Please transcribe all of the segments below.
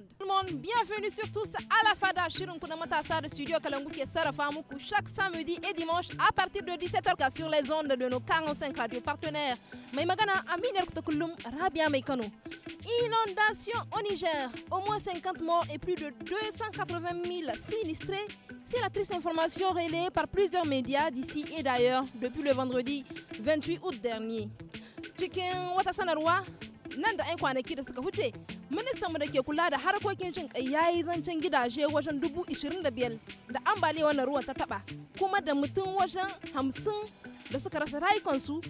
Tout le monde, bienvenue sur tous à la Fada Shirunkuna Matassa de Studio Kalangu qui est Sarafamoukou chaque samedi et dimanche à partir de 17h sur les ondes de nos 45 radios partenaires. Mais magana rabia meikano. Inondation au Niger, au moins 50 morts et plus de 280 000 sinistrés. C'est la triste information relayée par plusieurs médias d'ici et d'ailleurs depuis le vendredi 28 août dernier. nan da 'yan kwanaki da suka huce ministan mu da ke kula da harkokin jin kai ya yi zancen gidaje wajen dubu ishirin da biyar ambaliyar wannan ruwan ta taba kuma da mutum wajen hamsin da suka rasa rayukansu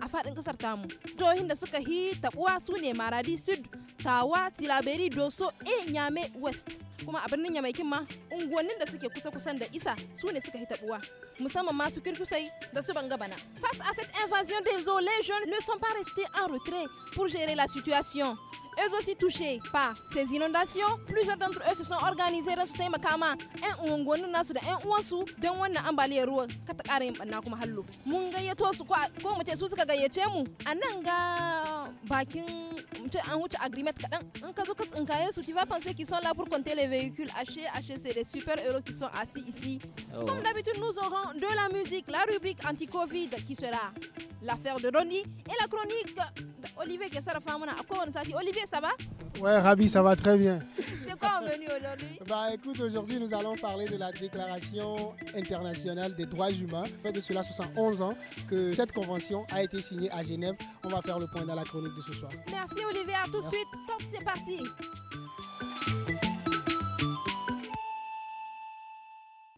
a faɗin ƙasar tamu jihohin da suka hi taɓuwa su ne maradi sud tawa tilaberi doso e nyame west kuma a birnin yamaikin ma unguwannin da suke kusa kusan da isa su ne suka hita musamman masu kirkusai da su banga bana face à cette invasion des eaux les jeunes ne sont pas restés en retrait pour gérer la situation eux aussi touchés par ces inondations plusieurs d'entre eux se sont organisés don su taimaka ma yan unguwannin nasu da yan uwansu don wannan ambaliyar ruwa ka ta ƙara yin ɓanna kuma hallo mun gayyato su ko mu ce su suka gayyace mu a nan ga bakin mu ce an huce agreement kaɗan in ka zo ka tsinkaye su ti va penser qu'ils sont là pour compter les véhicules hachés. H, c'est les super-héros qui sont assis ici. Oh. Comme d'habitude, nous aurons de la musique, la rubrique anti-Covid qui sera l'affaire de Ronnie et la chronique d'Olivier Olivier, ça va Ouais, Rabi, ça va très bien. De quoi on est venu aujourd'hui Bah écoute, aujourd'hui nous allons parler de la Déclaration internationale des droits humains. Fait de cela 71 ans que cette convention a été signée à Genève. On va faire le point dans la chronique de ce soir. Merci Olivier, à tout de suite. c'est parti.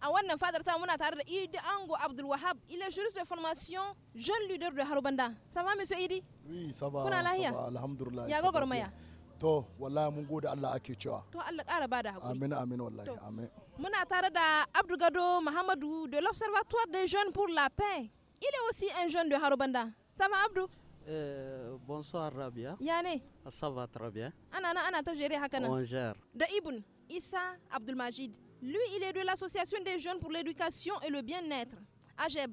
a wannan fadar ta muna tare da Idi Ango Abdul Wahab il est juriste de formation jeune leader de Harubanda ça va monsieur Idi oui ça va kuna lahiya alhamdulillah ya gogormaya to wallahi mun gode Allah ake cewa to Allah ƙara bada hakuri amin amin wallahi amin muna tare da Abdul Gado Muhammadu de l'Observatoire des jeunes pour la paix il est aussi un jeune de Harubanda ça va Abdou Euh, bonsoir Rabia. Yane. Ça va très bien. Anana, ana, ana, ta géré hakana. bonjour gère. De Ibn Issa Abdul Majid. Lui, il est de l'association des jeunes pour l'éducation et le bien-être. Ajeb.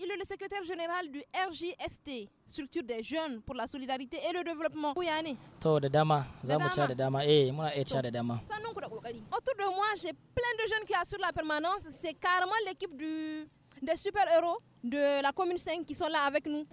Il est le secrétaire général du RJST, structure des jeunes pour la solidarité et le développement. Autour de moi, j'ai plein de jeunes qui assurent la permanence, c'est carrément l'équipe du des super-héros de la commune 5 qui sont là avec nous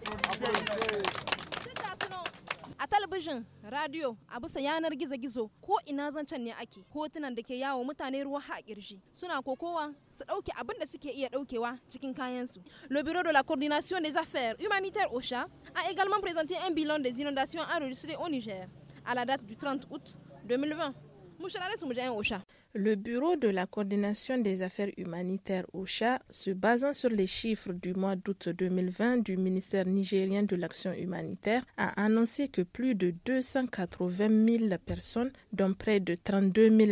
a talabijin radio abu bisa yanar gizo-gizo ko ina zancen ne ake hotunan da ke yawo mutane ruwa a kirji suna kokowa su ɗauke abin da suke iya ɗaukewa cikin kayansu. Le Bureau de la Coordination des Affaires Humanitaires OCHA a également présenté un bilan des inondations enregistrées au Niger à la date du 30 août 2020. Mouchalare Soumoudjaïen OCHA. Le Bureau de la coordination des affaires humanitaires OCHA, se basant sur les chiffres du mois d'août 2020 du ministère nigérien de l'action humanitaire, a annoncé que plus de 280 000 personnes, dont près de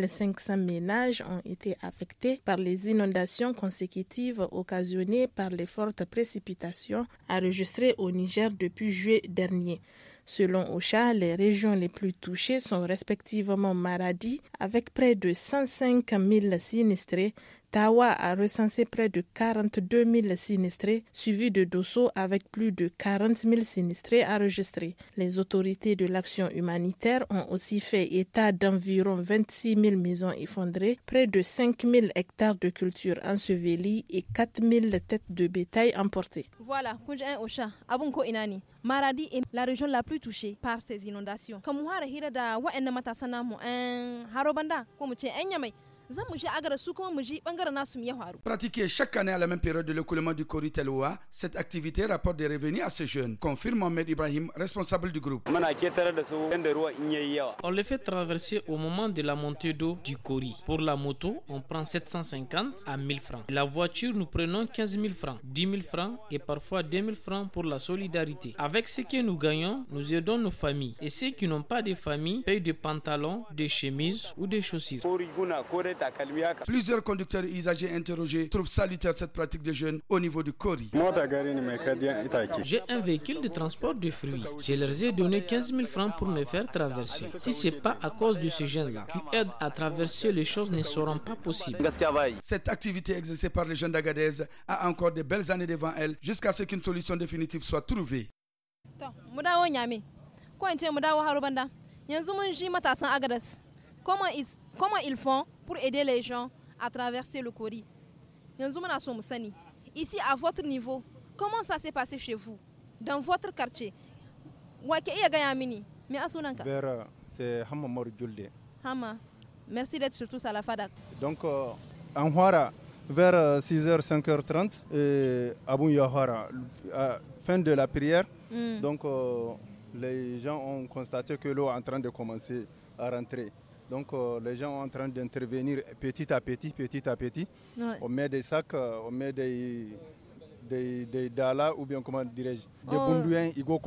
cinq cents ménages, ont été affectées par les inondations consécutives occasionnées par les fortes précipitations enregistrées au Niger depuis juillet dernier. Selon OCHA, les régions les plus touchées sont respectivement Maradi, avec près de 105 000 sinistrés, Tawa a recensé près de 42 000 sinistrés, suivi de Dosso avec plus de 40 000 sinistrés enregistrés. Les autorités de l'action humanitaire ont aussi fait état d'environ 26 000 maisons effondrées, près de 5 000 hectares de cultures ensevelies et 4 000 têtes de bétail emportées. Voilà, Ocha, Abunko Inani, Maradi est la région la plus touchée par ces inondations. Comme Harobanda, Pratiquer chaque année à la même période de l'écoulement du Kori Teloua, cette activité rapporte des revenus à ces jeunes, confirme Mohamed Ibrahim, responsable du groupe. On les fait traverser au moment de la montée d'eau du Kori. Pour la moto, on prend 750 à 1000 francs. La voiture, nous prenons 15 000 francs, 10 000 francs et parfois 2 000 francs pour la solidarité. Avec ce que nous gagnons, nous aidons nos familles. Et ceux qui n'ont pas de famille payent des pantalons, des chemises ou des chaussures. Plusieurs conducteurs usagers interrogés trouvent salutaire cette pratique des jeunes au niveau du Kori. J'ai un véhicule de transport de fruits. Je leur ai donné 15 000 francs pour me faire traverser. Si c'est pas à cause de ce jeûne là qui aide à traverser, les choses ne seront pas possibles. Cette activité exercée par les jeunes d'Agadez a encore de belles années devant elle jusqu'à ce qu'une solution définitive soit trouvée comment ils, comment ils font pour aider les gens à traverser le Kori Ici, à votre niveau, comment ça s'est passé chez vous, dans votre quartier euh, c'est Hamamor Hama, merci d'être surtout à la Donc, euh, en Hora, vers 6h, 5h30, à fin de la prière, hmm. donc euh, les gens ont constaté que l'eau est en train de commencer à rentrer. Donc euh, les gens sont en train d'intervenir petit à petit, petit à petit. On met des sacs, euh, on met des, des, dalas ou bien comment dirais-je, des oh. bundouins, Igo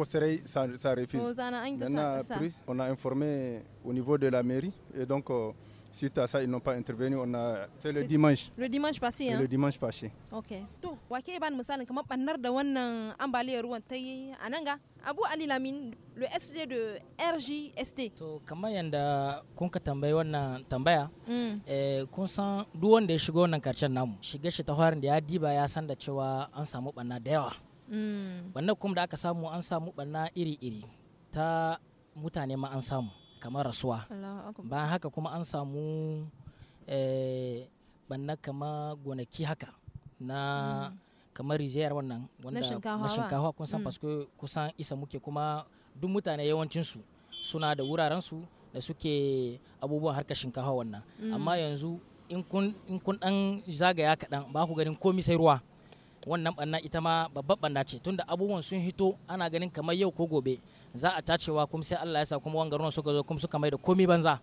ça, ça refuse. on, oh, a on a informé au niveau de la mairie et donc... Euh, Suite à ça, ils n'ont pas intervenu. On a... C'est le, le dimanche. Le dimanche passé. Hein? Le dimanche passé. Ok. To, wake ban misalin kamar bannar da wannan ambaliyar ruwan ta yi ga Abu Ali Lamin, le SD de RJST. To, kamar yanda kun ka tambayi wannan tambaya, mm. eh, kun san duk wanda ya shigo wannan namu, shige shi ta harin da ya diba ya san da cewa an samu banna da yawa. Mm. Banna da aka samu an samu banna iri-iri ta mutane ma an samu. kamar rasuwa ba haka kuma an samu eh, banna kama gonaki haka na mm. kamar rijiyar wannan na shinkawa kun san paske mm. kusan isa muke kuma duk mutane yawancinsu suna da wurarensu da suke abubuwan harkar shinkawa wannan mm. amma yanzu in kun dan zagaya kaɗan ba ku ganin komi sai ruwa wannan banna ita ma babban banna ce tunda abubuwan sun hito ana ganin kamar yau ko gobe za a tacewa kuma sai Allah ya sa kuma wanga ruwan suka zo kuma suka mai da komi banza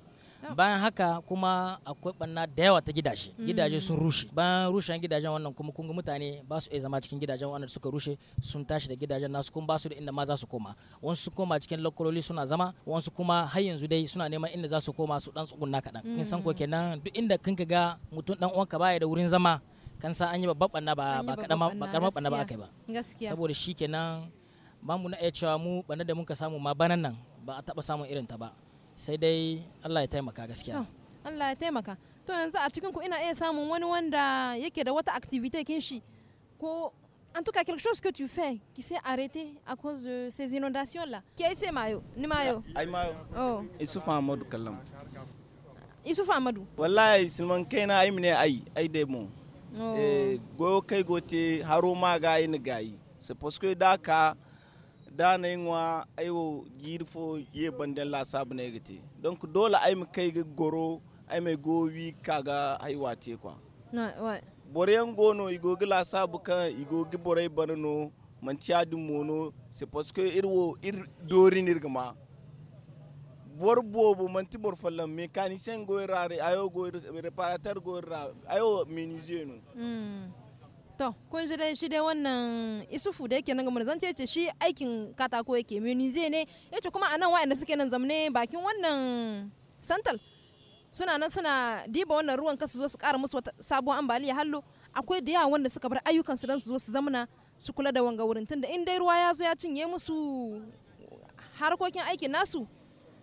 bayan haka kuma akwai banna da yawa ta gidaje mm. gidaje sun rushe bayan rushen gidajen wannan kuma kun ga mutane ba su iya zama cikin gidajen wannan suka rushe sun tashi da gidajen nasu kuma ba su da inda ma za su koma wasu su koma cikin lokololi suna zama wasu kuma har yanzu dai suna neman inda za su koma su dan tsugunna kaɗan kin san ko mm. kenan duk inda kin ga mutum dan uwanka baya da wurin zama kan sa an yi babban banna ba ba kadan ba karamar banna ba akai yi ba saboda shikenan ba na iya cewa mu bana da muka samu ma banan nan ba a taba samun irin ta ba sai dai Allah ya taimaka gaskiya Allah ya taimaka to yanzu a cikin ku ina iya samun wani wanda yake da wata activité kin shi ko en tout cas quelque chose que tu fais qui s'est arrêté à cause de ces inondations là qui est mayo ni mayo ah, ay mayo oh isufa amadu kallam isufa amadu wallahi sulman kaina ay mine ay ay demo oh. eh go kai gote haro ma ga ni gayi c'est parce que daka dana yinwa aiwo yirfo ye bandan la sabu na don ku dole ai mu kai ga goro ai mai gowi kaga haiwa te kwa bore yan gono gono igogi la sabu igo igogi bore banano man tiya dum mono c'est parce que irwo ir dori nirgama bor bobo man ti bor fallan mécanicien rari ayo goy réparateur rari ayo menuisier no mm. to kun shi dai shi dai wannan isufu da yake nan gamar zance ce shi aikin katako yake munize ne yace kuma anan wa'anda suke nan zamne bakin wannan santal suna nan suna diba wannan ruwan kasu zo su kara musu wata sabuwar ambaliya hallo akwai da yawa wanda suka bar ayyukan su dan su zo su zamana su kula da wanga wurin tunda in dai ruwa ya zo ya cinye musu harkokin aikin nasu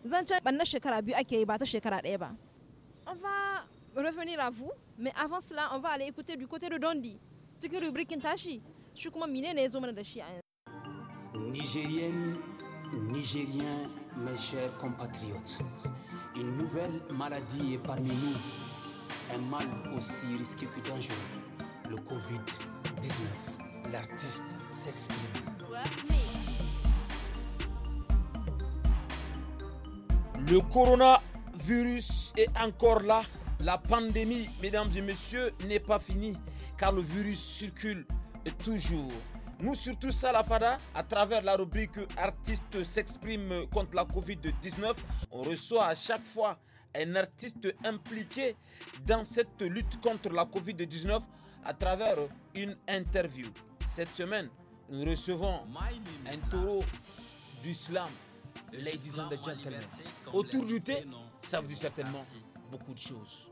zancen bannar shekara biyu ake yi ba ta shekara ɗaya ba. On va revenir à vous, mais avant cela, on va aller écouter du côté de Dondi. Nigérien, rubrique Nigériens mes chers compatriotes une nouvelle maladie est parmi nous un mal aussi risqué que dangereux le Covid-19 l'artiste s'exprime Le coronavirus est encore là. La pandémie, mesdames et messieurs, n'est pas finie car le virus circule toujours. Nous, surtout ça, la à travers la rubrique Artistes s'expriment contre la Covid-19, on reçoit à chaque fois un artiste impliqué dans cette lutte contre la Covid-19 à travers une interview. Cette semaine, nous recevons un taureau d'islam, ladies and gentlemen. Autour du ça vous dit certainement beaucoup de choses.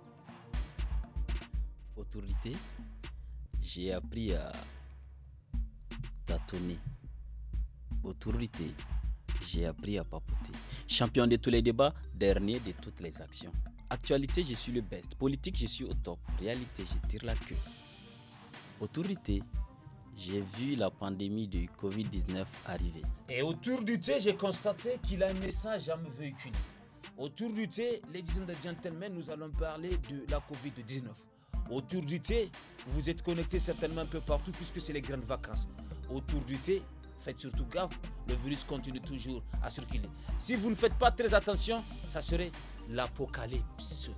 Autour du j'ai appris à tâtonner. Autorité, j'ai appris à papoter. Champion de tous les débats, dernier de toutes les actions. Actualité, je suis le best. Politique, je suis au top. Réalité, je tire la queue. Autorité, j'ai vu la pandémie du Covid-19 arriver. Et autour du thé, j'ai constaté qu'il a un message à me véhiculer. Autour du thé, ladies and gentlemen, nous allons parler de la Covid-19. Autour du thé, vous êtes connectés certainement un peu partout puisque c'est les grandes vacances. Autour du thé, faites surtout gaffe, le virus continue toujours à circuler. Si vous ne faites pas très attention, ça serait l'apocalypse.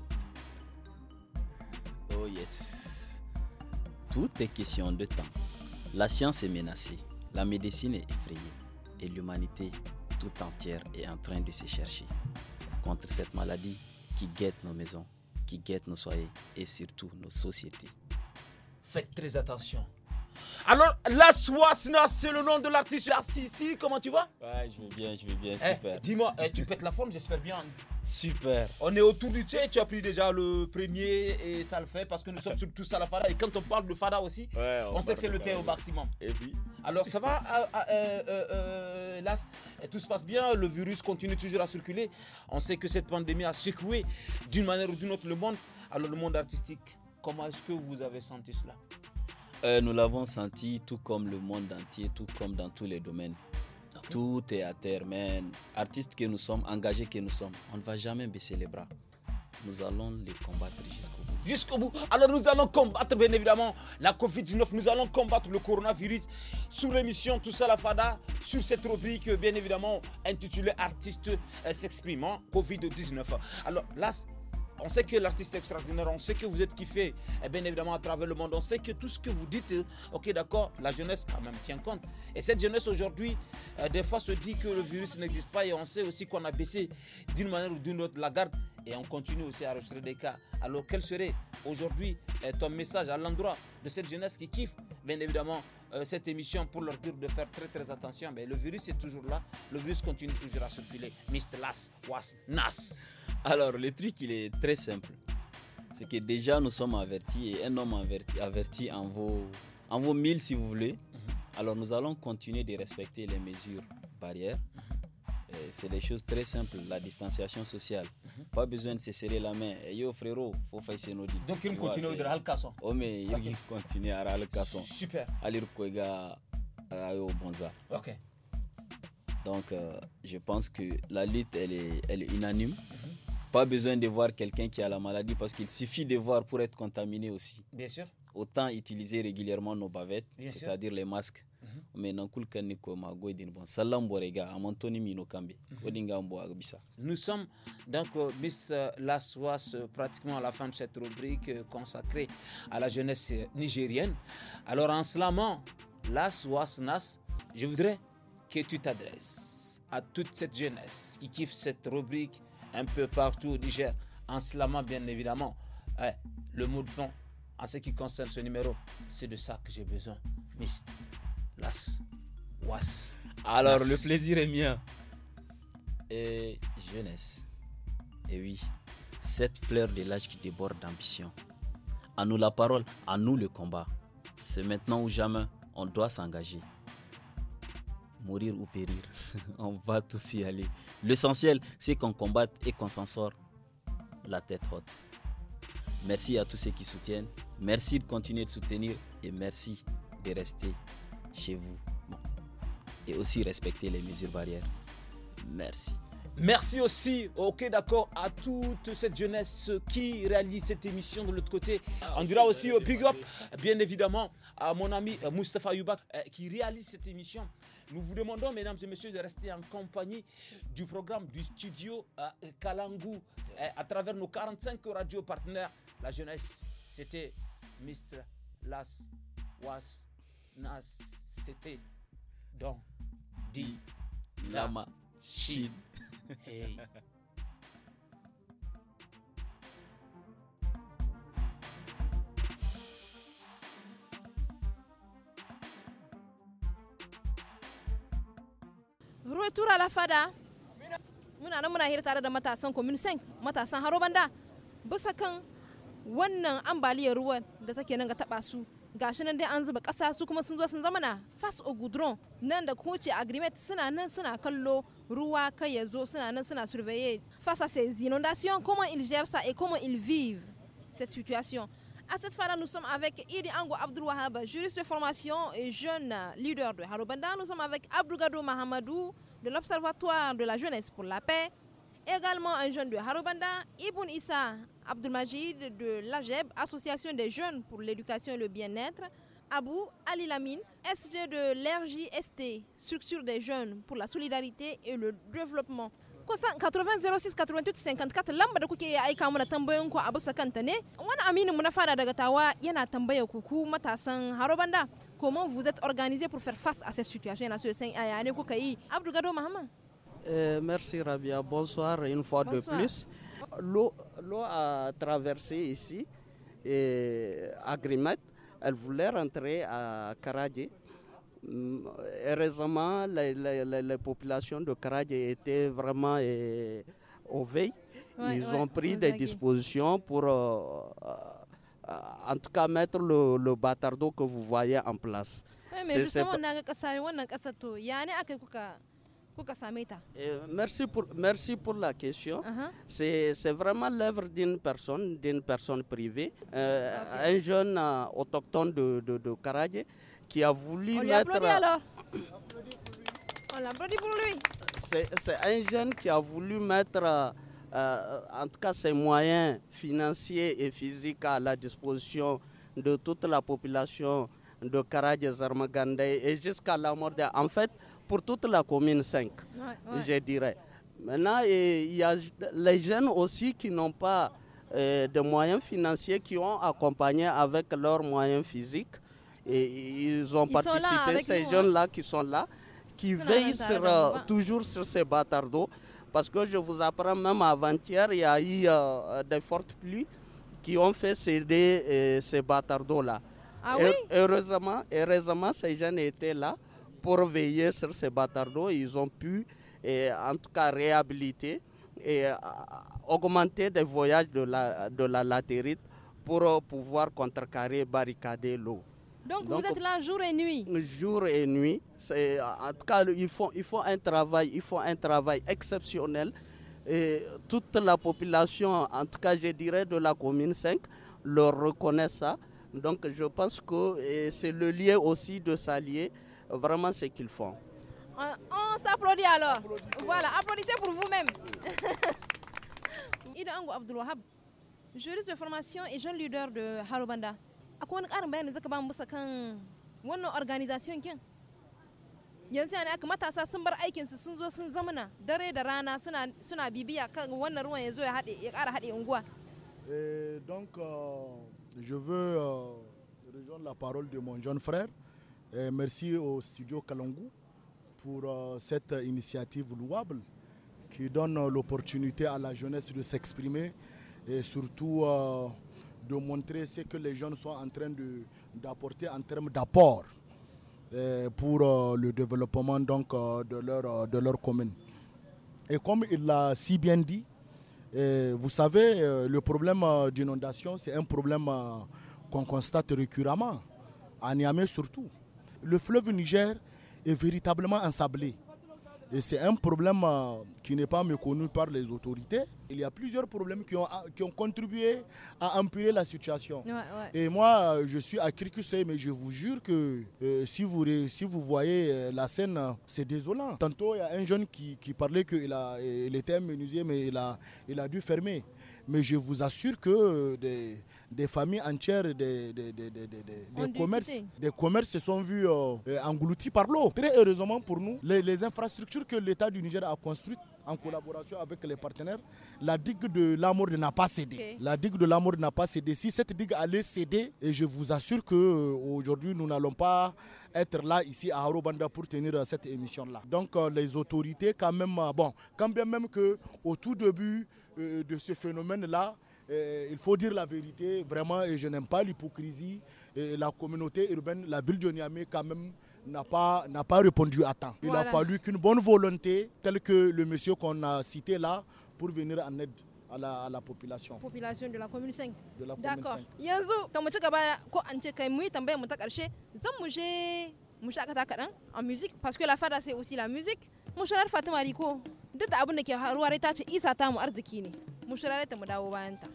Oh yes. Tout est question de temps. La science est menacée, la médecine est effrayée et l'humanité tout entière est en train de se chercher contre cette maladie qui guette nos maisons qui guettent nos soirées et surtout nos sociétés. Faites très attention. Alors, la Swasna, c'est le nom de l'artiste. Ah, comment tu vas Ouais, je vais bien, je vais bien, eh, super. Dis-moi, eh, tu pètes la forme, j'espère bien. Super. On est autour du thé, tu as pris déjà le premier et ça le fait parce que nous sommes tous à la Fada. Et quand on parle de Fada aussi, on, sait que c'est le thé au maximum. Et puis Alors, ça va, ah, ah, euh, euh, euh tout se passe bien, le virus continue toujours à circuler. On sait que cette pandémie a secoué d'une manière ou d'une autre le monde. Alors, le monde artistique, comment est-ce que vous avez senti cela euh, nous l'avons senti tout comme le monde entier, tout comme dans tous les domaines. Tout est à terre, mais artistes que nous sommes, engagés que nous sommes, on ne va jamais baisser les bras. Nous allons les combattre jusqu'au bout. Jusqu'au bout. Alors nous allons combattre bien évidemment la Covid-19, nous allons combattre le coronavirus sous l'émission Tout ça la Fada, sur cette rubrique bien évidemment intitulée Artistes euh, s'exprimant Covid-19. Alors là, on sait que l'artiste est extraordinaire, on sait que vous êtes kiffé, et bien évidemment à travers le monde, on sait que tout ce que vous dites, ok d'accord, la jeunesse quand même tient compte. Et cette jeunesse aujourd'hui, euh, des fois se dit que le virus n'existe pas et on sait aussi qu'on a baissé d'une manière ou d'une autre la garde et on continue aussi à enregistrer des cas. Alors quel serait aujourd'hui euh, ton message à l'endroit de cette jeunesse qui kiffe, bien évidemment, euh, cette émission pour leur dire de faire très très attention. Mais le virus est toujours là, le virus continue toujours à circuler. Mr. Las, Was, Nas. Alors, le truc, il est très simple. C'est que déjà, nous sommes avertis et un homme averti, averti en, vos, en vos mille, si vous voulez. Mhm. Alors, nous allons continuer de respecter les mesures barrières. Mhm. C'est des choses très simples, la distanciation sociale. Mhm. Pas besoin de se serrer la main. Et eh, yo frérot, faut faire ses nodis. Donc il continue de casson. Oh mais il continue à casson. Super. bonza. OK. Donc euh, je pense que la lutte elle est elle est unanime. Pas besoin de voir quelqu'un qui a la maladie parce qu'il suffit de voir pour être contaminé aussi. Bien sûr. Autant utiliser régulièrement nos bavettes, c'est-à-dire les masques. Mhm. Mhm. Nous sommes donc, Miss euh, euh, pratiquement à la fin de cette rubrique euh, consacrée à la jeunesse nigérienne. Alors, en slamant la Nas, je voudrais que tu t'adresses à toute cette jeunesse qui kiffe cette rubrique un peu partout au Niger, en slamant bien évidemment le mot de fond. En ce qui concerne ce numéro, c'est de ça que j'ai besoin. Mist, Las, Was. Alors, le plaisir est mien. Et jeunesse. Et oui, cette fleur de l'âge qui déborde d'ambition. À nous la parole, à nous le combat. C'est maintenant ou jamais, on doit s'engager mourir ou périr, on va tous y aller. L'essentiel, c'est qu'on combatte et qu'on s'en sort la tête haute. Merci à tous ceux qui soutiennent. Merci de continuer de soutenir et merci de rester chez vous. Et aussi respecter les mesures barrières. Merci. Merci aussi, ok d'accord, à toute cette jeunesse qui réalise cette émission de l'autre côté. On dira aussi au euh, big up, bien évidemment, à mon ami euh, Mustapha Yubak euh, qui réalise cette émission. Nous vous demandons, mesdames et messieurs, de rester en compagnie du programme du studio Kalangu à travers nos 45 radios partenaires. La jeunesse, c'était Mr. Las Was Nas, c'était Don Di Lama Shin. Hey. Retour à la fada. Muna nan muna hira tare da matasan Commune 5, matasan Harobanda. Bisa kan wannan ambaliyar ruwan da take nan ga taba su Face nan dai an zuba su kuma sun zo sun suna nan face à ces inondations comment ils gèrent ça et comment ils vivent cette situation à cette fois-là, nous sommes avec Idi Ango Abdul Wahab, juriste de formation et jeune leader de Harobanda. Nous sommes avec Abdou Mahamadou de l'Observatoire de la jeunesse pour la paix également un jeune de Harobanda, Ibn Issa Abdulmajid de l'AGEB, Association des jeunes pour l'éducation et le bien-être, Abou Ali Lamine, SG de l'RJST, Structure des jeunes pour la solidarité et le développement. kusan 80-06-88-54 lamba da kuke aika mana tambayoyin ku a bisa kanta ne wani aminin mu na fada daga tawa yana tambaya ku ku matasan harobanda comment vous êtes organisé pour faire face à cette situation yana so ya san yaya ne kuka yi abdu gado muhammad euh, merci Rabia, bonsoir une fois de plus. L'eau a traversé ici, et euh, à Grimette. elle voulait rentrer à Karadjé. Mm, heureusement, les, populations de Karadjé étaient vraiment euh, au veille. Ils ont pris des dispositions pour, en tout cas, mettre le, le bâtardeau que vous voyez en place. mais justement, a eh, merci pour merci pour la question c'est c'est vraiment l'œuvre d'une personne d'une personne privée euh, un jeune euh, autochtone de de, qui a voulu on mettre lui alors on pour lui c'est un jeune qui a voulu mettre euh, en tout cas ses moyens financiers et physiques à la disposition de toute la population de Karadje Zarmagandé et jusqu'à la mort de... En fait, pour toute la commune 5, je dirais. Maintenant, il y a les jeunes aussi qui n'ont pas euh, de moyens financiers, qui ont accompagné avec leurs moyens physiques. Et ils ont participé, ces hein. jeunes-là qui sont là, qui veillent euh, toujours sur ces bâtards Parce que je vous apprends, même avant-hier, il y a eu euh, des fortes pluies qui ont fait céder ces bâtards là ah Heureusement, heureusement, ces jeunes étaient là pour veiller sur ces d'eau, Ils ont pu, en tout cas, réhabiliter et euh, augmenter des voyages de la, de la latérite pour euh, pouvoir contrecarrer, barricader l'eau. Donc, vous êtes là jour et nuit Jour et nuit. Euh, en tout cas, ils font, un travail, un travail exceptionnel. Et toute la population, en tout cas, je dirais de la commune 5, leur reconnaît ça. Donc, je pense que c'est le lieu aussi de s'allier vraiment ce qu'ils font. On, s'applaudit alors. Applaudissez. Voilà, applaudissez pour vous-même. Ida Ango Abdulwahab, juriste de formation et jeune leader de Harubanda. Akwai quoi ƙarin bayani zaka ba mu bisa kan wannan organisation kin? yanzu yana aka matasa sun bar aikinsu sun zo sun zamana dare da rana suna bibiya kan wannan ruwan ya zo ya haɗe ya unguwa. donc euh, je veux euh, rejoindre la parole de mon jeune frère euh, merci au studio Kalangu pour euh, cette initiative louable qui donne euh, l'opportunité à la jeunesse de s'exprimer et surtout de montrer ce que les jeunes sont en train d'apporter en termes d'apport pour le développement donc, de, leur, de leur commune. Et comme il l'a si bien dit, vous savez, le problème d'inondation, c'est un problème qu'on constate récurremment, à Niamey surtout le fleuve Niger est véritablement ensablé. Et c'est un problème euh, qui n'est pas méconnu par les autorités. Il y a plusieurs problèmes qui ont, qui ont contribué à empirer la situation. Et moi, euh, je suis à Kirkusse, mais je vous jure que euh, si, vous, si vous voyez la scène, c'est désolant. Tantôt, il y a un jeune qui, parlait qu'il il était menuisier, mais il a, il a dû fermer. Mais je vous assure que des, des familles entières des, commerces, des commerces se sont vus euh, euh, engloutis par l'eau. Très heureusement pour nous, les, infrastructures que l'État du Niger a construites en collaboration avec les partenaires, la digue de l'amour n'a pas cédé. La digue de l'amour n'a pas cédé. Si cette digue allait céder, et je vous assure que euh, aujourd'hui nous n'allons pas être là ici à Harobanda pour tenir cette émission là. Donc les autorités quand même bon, quand bien même que au tout début de ce phénomène là, eh, il faut dire la vérité, vraiment, et je n'aime pas l'hypocrisie. La communauté urbaine, la ville de Niamey, quand même, n'a pas, n'a pas répondu à temps. Il a fallu qu'une bonne volonté, telle que le monsieur qu'on a cité là, pour venir en aide. À la, à la, population. Population de la commune 5. De la commune 5. D'accord. Yanzu, ta mu ci gaba ko an ce kai mu yi tambayar mu ta karshe, zan mu je mu en musique parce que la fada c'est aussi la musique. Mu sharar Fatima Riko duk da abin da ke haruwa rai ta ce Isa ta mu arziki ne. mu shirare ta mu dawo bayanta.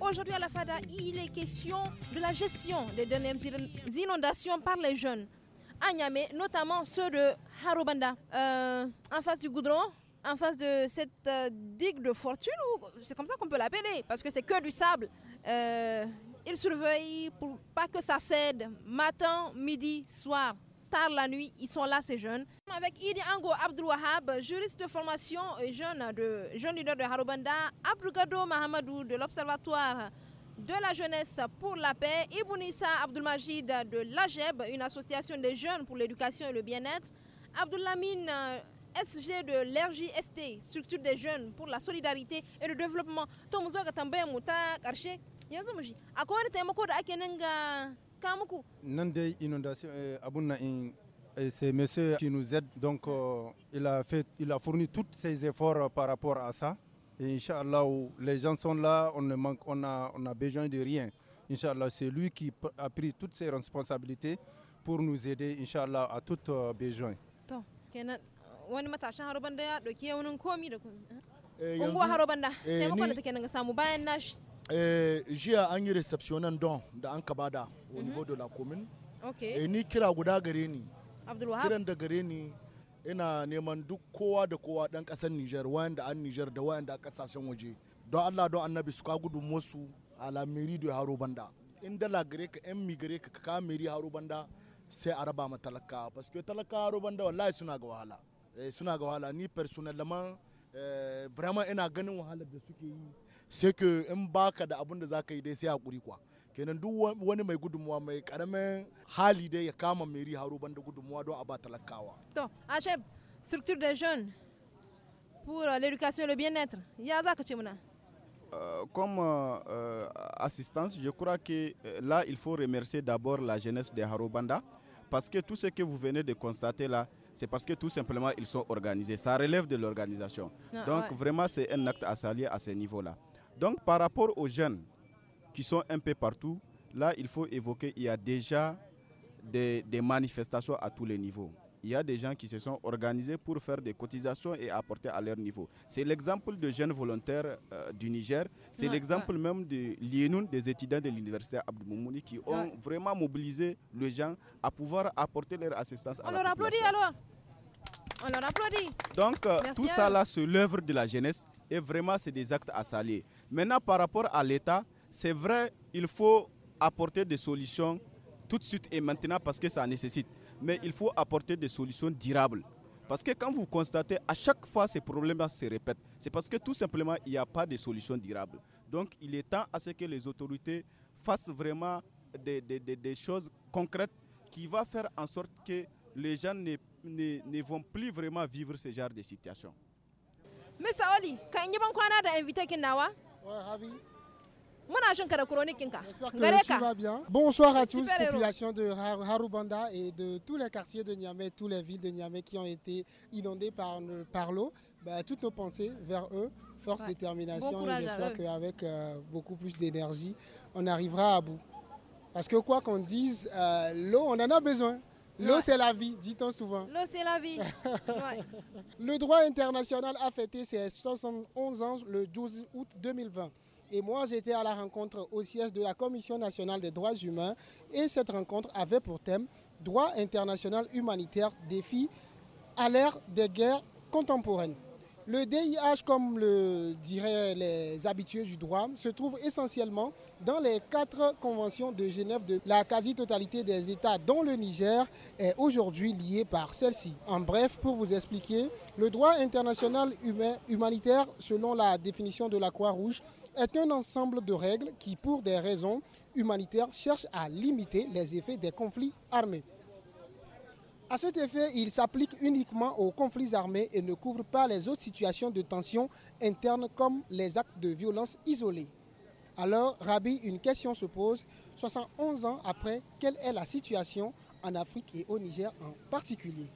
aujourd'hui à la fada il est question de la gestion des dernières inondations par les jeunes à Niamey, notamment ceux de Harobanda, euh, en face du goudron, en face de cette euh, digue de fortune, c'est comme ça qu'on peut l'appeler, parce que c'est que du sable. Euh, ils surveillent pour pas que ça cède. Matin, midi, soir, tard la nuit, ils sont là, ces jeunes. Avec Idi Ango Abdouahab, juriste de formation et jeune, de, jeune leader de Harobanda, Abdougado Mahamadou de l'Observatoire de la jeunesse pour la paix, Ibounissa Abdoulmajid de l'AGEB, une association des jeunes pour l'éducation et le bien-être, Lamine, euh, SG de l'RJST, structure des jeunes pour la solidarité et le développement yanzu mu shi akwai wani taimako da ake nan ga ka muku nan dai inondation eh, abun na in eh, c'est monsieur qui nous aide donc euh, il a fait il a fourni tous ses efforts euh, par rapport à ça et inshallah les gens sont là on ne manque on a on a besoin de rien inshallah c'est lui qui a pris toutes ses responsabilités pour nous aider inshallah à tout euh, besoin to kenan wani matashin haroban da ya dauki yaunin komi da eh? eh unguwa haroban da taimakon da take nan ga samu bayan nashi eh, jiya an yi receptionan don da an kaba da wani de la commune okay. Eh, ni kira guda gare ni kiran da gare ni ina neman duk kowa da kowa dan kasar niger wayan da an niger da wayan da a kasashen waje don allah don annabi su ka musu a ala mairie de haro banda in dala gare ka yan mi gare ka ka meri haro banda sai a raba ma talaka que talaka haro banda wallahi suna ga wahala eh, suna ga wahala ni personel eh, vraiment ina ganin wahala da suke yi sai que in baka da abin da za ka yi dai sai hakuri kuwa kenan duk wani mai gudunmuwa mai karamin hali dai ya kama meri haro banda gudunmuwa don a ba talakawa to structure des jeunes pour l'éducation et le bien-être ya za ka ce muna euh, comme euh, assistance, je crois que euh, là, il faut remercier d'abord la jeunesse de Harobanda, parce que tout ce que vous venez de constater là, c'est parce que tout simplement, ils sont organisés. Ça relève de l'organisation. Ah, Donc, vraiment, c'est un acte à saluer à ce niveau-là. Donc par rapport aux jeunes qui sont un peu partout, là il faut évoquer, il y a déjà des, manifestations à tous les niveaux. Il y a des gens qui se sont organisés pour faire des cotisations et apporter à leur niveau. C'est l'exemple de jeunes volontaires euh, du Niger. C'est l'exemple même de l'IENUN, des étudiants de l'université Abdou qui ont vraiment mobilisé les gens à pouvoir apporter leur assistance On à leur applaudit alors On leur applaudit Donc euh, tout ça là, c'est l'œuvre de la jeunesse et vraiment c'est des actes à saluer. Maintenant, par rapport à l'État, c'est vrai, il faut apporter des solutions tout de suite et maintenant parce que ça nécessite. Mais il faut apporter des solutions durables. Parce que quand vous constatez, à chaque fois, ces problèmes-là se répètent. C'est parce que tout simplement, il n'y a pas de solution durable. Donc, il est temps à ce que les autorités fassent vraiment des, choses concrètes qui vont faire en sorte que les gens ne, vont plus vraiment vivre ce genre de situation. Oli, Bonsoir à tous, population de Harubanda et de tous les quartiers de Niamey, toutes les villes de Niamey qui ont été inondées par, par l'eau. Bah, toutes nos pensées vers eux, force, détermination. J'espère qu'avec euh, beaucoup plus d'énergie, on arrivera à bout. Parce que quoi qu'on dise, euh, l'eau, on en a besoin. L'eau, c'est la vie, dit-on souvent. L'eau, c'est la vie. Le droit international a fêté ses 71 ans le 12 août 2020. Et moi, j'étais à la rencontre au siège de la Commission nationale des droits humains. Et cette rencontre avait pour thème Droit international humanitaire, défi à l'ère des guerres contemporaines. Le DIH, comme le diraient les habitués du droit, se trouve essentiellement dans les quatre conventions de Genève de la quasi-totalité des États dont le Niger est aujourd'hui lié par celle-ci. En bref, pour vous expliquer, le droit international humanitaire, selon la définition de la Croix-Rouge, est un ensemble de règles qui, pour des raisons humanitaires, cherchent à limiter les effets des conflits armés. À cet effet, il s'applique uniquement aux conflits armés et ne couvre pas les autres situations de tension interne comme les actes de violence isolés. Alors, Rabbi, une question se pose. 71 ans après, quelle est la situation en Afrique et au Niger en particulier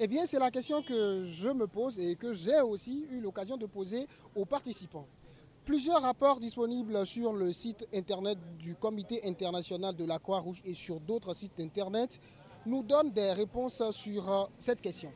Eh bien, c'est la question que je me pose et que j'ai aussi eu l'occasion de poser aux participants. Plusieurs rapports disponibles sur le site internet du Comité international de la Croix-Rouge et sur d'autres sites internet nous donne des réponses sur euh, cette question.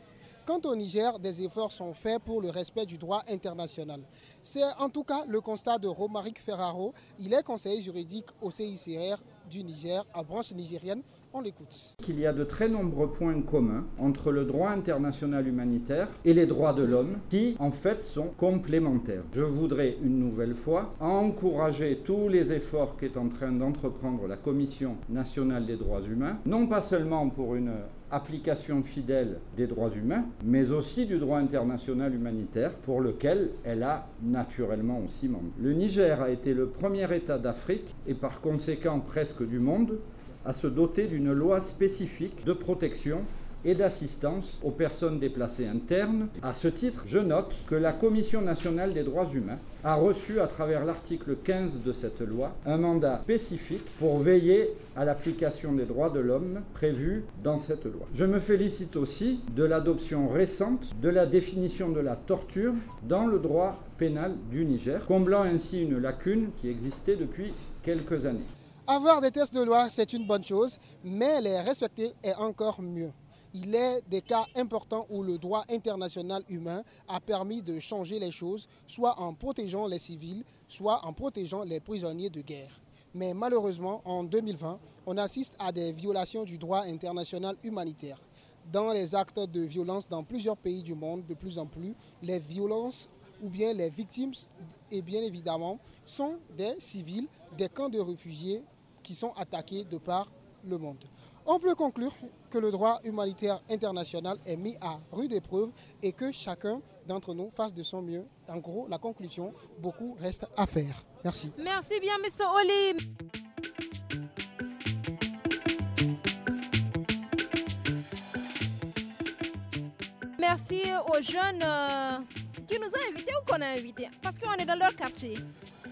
Quant au Niger, des efforts sont faits pour le respect du droit international. C'est en tout cas le constat de Romaric Ferraro. Il est conseiller juridique au CICR du Niger, à branche nigérienne on l'écoute. Il y a de très nombreux points communs entre le droit international humanitaire et les droits de l'homme qui, en fait, sont complémentaires. Je voudrais une nouvelle fois encourager tous les efforts qu'est en train d'entreprendre la Commission nationale des droits humains, non pas seulement pour une application fidèle des droits humains, mais aussi du droit international humanitaire, pour lequel elle a naturellement aussi membre. Le Niger a été le premier État d'Afrique et par conséquent presque du monde à se doter d'une loi spécifique de protection et d'assistance aux personnes déplacées internes. À ce titre, je note que la Commission nationale des droits humains a reçu à travers l'article 15 de cette loi un mandat spécifique pour veiller à l'application des droits de l'homme prévus dans cette loi. Je me félicite aussi de l'adoption récente de la définition de la torture dans le droit pénal du Niger, comblant ainsi une lacune qui existait depuis quelques années. Avoir des tests de loi, c'est une bonne chose, mais les respecter est encore mieux. Il est des cas importants où le droit international humain a permis de changer les choses, soit en protégeant les civils, soit en protégeant les prisonniers de guerre. Mais malheureusement, en 2020, on assiste à des violations du droit international humanitaire. Dans les actes de violence dans plusieurs pays du monde, de plus en plus, les violences ou bien les victimes, et bien évidemment, sont des civils, des camps de réfugiés qui sont attaqués de par le monde. On peut conclure que le droit humanitaire international est mis à rude épreuve et que chacun d'entre nous fasse de son mieux. En gros, la conclusion, beaucoup reste à faire. Merci. Merci bien, M. Olim. Merci aux jeunes euh, qui nous ont invités ou qu'on a invités, parce qu'on est dans leur quartier.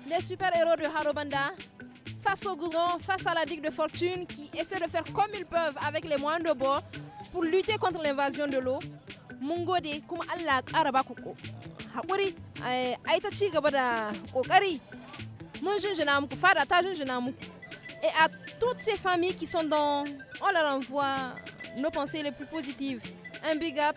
Les super-héros de Harobanda, face au grands, face à la digue de fortune, qui essaie de faire comme ils peuvent avec les moyens de bord pour lutter contre l'invasion de l'eau. Mungode, Allah et à toutes ces familles qui sont dans on leur envoie nos pensées les plus positives un big up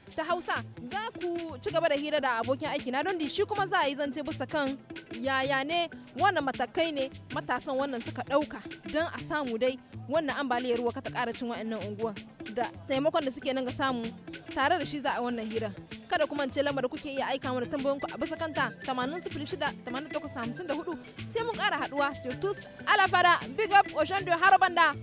ta Hausa za ku ci gaba da hira da abokin aiki na don shi kuma za a yi zance bisa kan yaya ne wannan matakai ne matasan wannan suka ɗauka don a samu dai wannan ambaliyar ruwa ka ta ƙara cin wa'annan unguwan da taimakon da suke nan ga samu tare da shi za a wannan hira kada kuma ce lamar kuke iya aika mana tambayoyin a bisa kanta hudu sai mun ƙara haɗuwa tus alafara big up ocean harabanda.